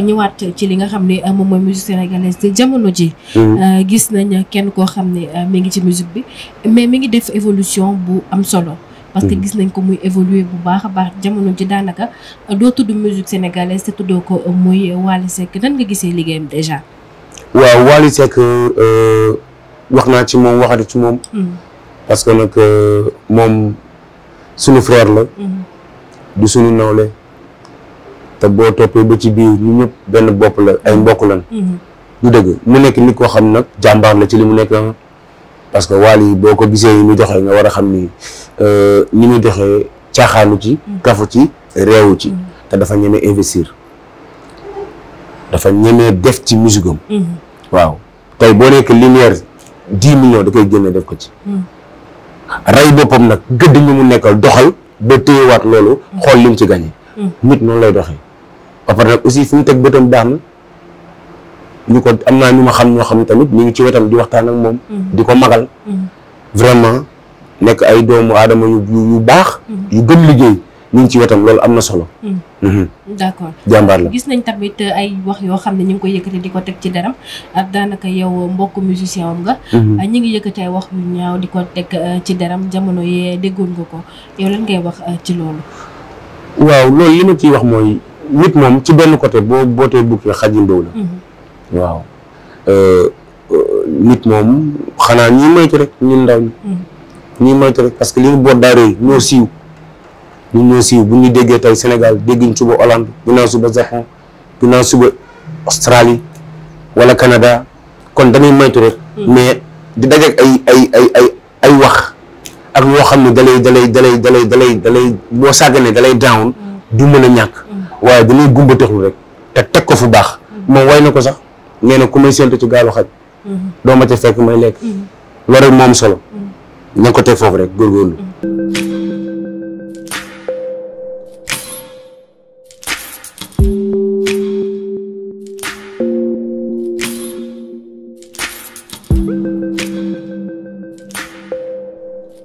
ñëwaat ci li nga xam ne moom mooy musique sénégalaise te jamono ji mm-hmm. euh, gis nañ kenn koo xam ne euh, mi ngi ci musique bi mais mi ngi def évolution bu am solo parce que mm-hmm. gis nañ ko muy évoluer bu baax a baax jamono ji daanaka doo tudd musique sénégalaise te tuddoo ko muy Wally Seck nan nga gisee liggéeyam déjà waaw Wally Seck euh, wax naa ci moom waxati ci moom mm-hmm. parce que nag moom sunu frère la du suñu nawle te boo toppee ba ci biir ñu ñëpp benn bopp la ay mbokk lan mhm. du dëgg mu nekk nit koo xam nag jàmbaar la ci li mu nekk ah. parce que waal boo ko gisee ni mu doxee nga war a xam ni euh, ni mu doxee caaxaanu ci mhm. kafu ci réewu ci mhm. te dafa ñemee investir dafa ñemee def ci musique waaw tey boo nekk lumière dix millions da koy génne def ko ci rey boppam nag gëdd ñu mu nekkal doxal ba téyewaat loolu xool lim ci gagné nit noonu lay doxe ba usi nag aussi fu mu teg bëtam baax na ñu ko am naa ñu ma xam ñoo xam tamit ñu ngi ci di waxtaan ak moom. Mhm. di magal. Mhm. vraiment nekk ay doomu aadama yu yu baax. Mhm. yu gën liggéey. ñu ci wetam loolu amna solo. d'accord jàmbaar la gis nañ tamit ay wax yoo xam ñu ngi koy di ko ci deram ak daanaka yow mbokk musicien am nga. ñu ngi ay wax yu ñaaw di ko euh, ci deram jamono yee déggoon nga ko yow lan ngay wax euh, ci loolu. waaw loolu li ma wax nit mom ci benn côté bo boté bouclé la xajin la mhm. waaw euh, euh, nit xana ñi may moytu rek ñi ndaw ñi may mhm. moytu rek parce que li ñu boot daa ñoo siw ñun ñoo siw bu ñu déggé tay Sénégal dégguñ suba Hollande na suba Japon na suba Australie wala Canada kon dañuy moytu rek mhm. mais di dajé ay ay ay ay ay wax ak lo xam dalay dalay dalay dalay dalay dalay boo dalay down du mëna ñak waaye dañuy gumba texlu rek te teg ko fu baax moom way na ko sax nee ku may séentu ci gaalu xaj mhm. doo ma ca fekk may lekk mhm. loolu rek moom solo na mhm. nga ko teg foofu rek góorgóorlu